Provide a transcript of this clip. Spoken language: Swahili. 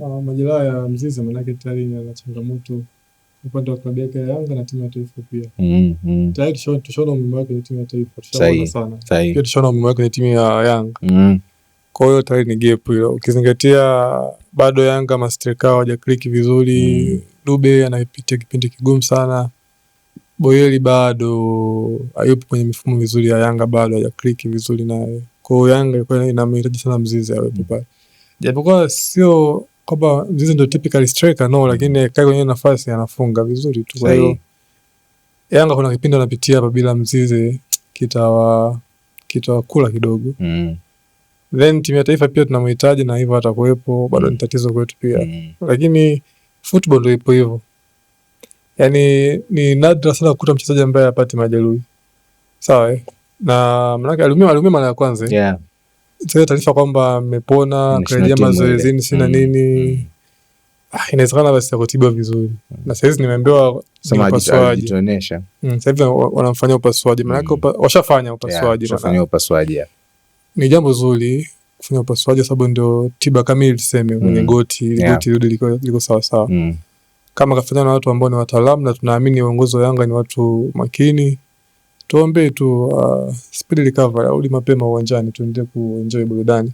Uh, majeraha ya Mzize manake tayari na changamoto upande wa klabu yake ya Yanga na timu ya taifa pia. Mm, mm. Tayari tushaona umuhimu wake kwenye timu ya taifa, tushaona sana. Pia tushaona umuhimu wake kwenye timu ya Yanga. Mm. Kwa hiyo tayari ni gepu hilo. Ukizingatia bado Yanga mastreka hawajakliki vizuri. Mm. Dube anapitia kipindi kigumu sana. Boyeli bado hayupo kwenye mifumo vizuri ya Yanga bado hajakliki vizuri naye. Kwa hiyo Yanga ilikuwa inamhitaji sana Mzize awepo pale. Mm. Japokuwa sio kwamba zizi ndo typical striker no, lakini mm-hmm. kai kwenye nafasi anafunga vizuri tu. Kwa hiyo Yanga kuna kipindi anapitia hapa bila Mzize, kitawa kitawakula kidogo mm. Then timu ya taifa pia tunamhitaji na hivyo atakuwepo bado, mm. ni tatizo kwetu pia mm. Lakini football ndio ipo hivyo, yani ni nadra sana kukuta mchezaji ambaye apate majeruhi sawa, eh? na manake aliumia aliumia mara ya kwanza eh? yeah zile taarifa kwamba mmepona karejea mazoezini si na mm. nini mm. Ah, inawezekana basi akutibiwa vizuri mm. na sahizi nimeambiwa upasuaji mm, sahivi wanamfanyia upasuaji maanake mm. washafanya upasuaji yeah, ni jambo zuri kufanya upasuaji kwa sababu ndio tiba kamili tuseme mm. kwenye mm. goti goti rudi liko, liko sawasawa mm. kama kafanya na watu ambao ni wataalamu na tunaamini uongozi wa Yanga ni watu makini tuombee tu uh, spidi recovery, arudi mapema uwanjani tuendelee kuenjoy burudani.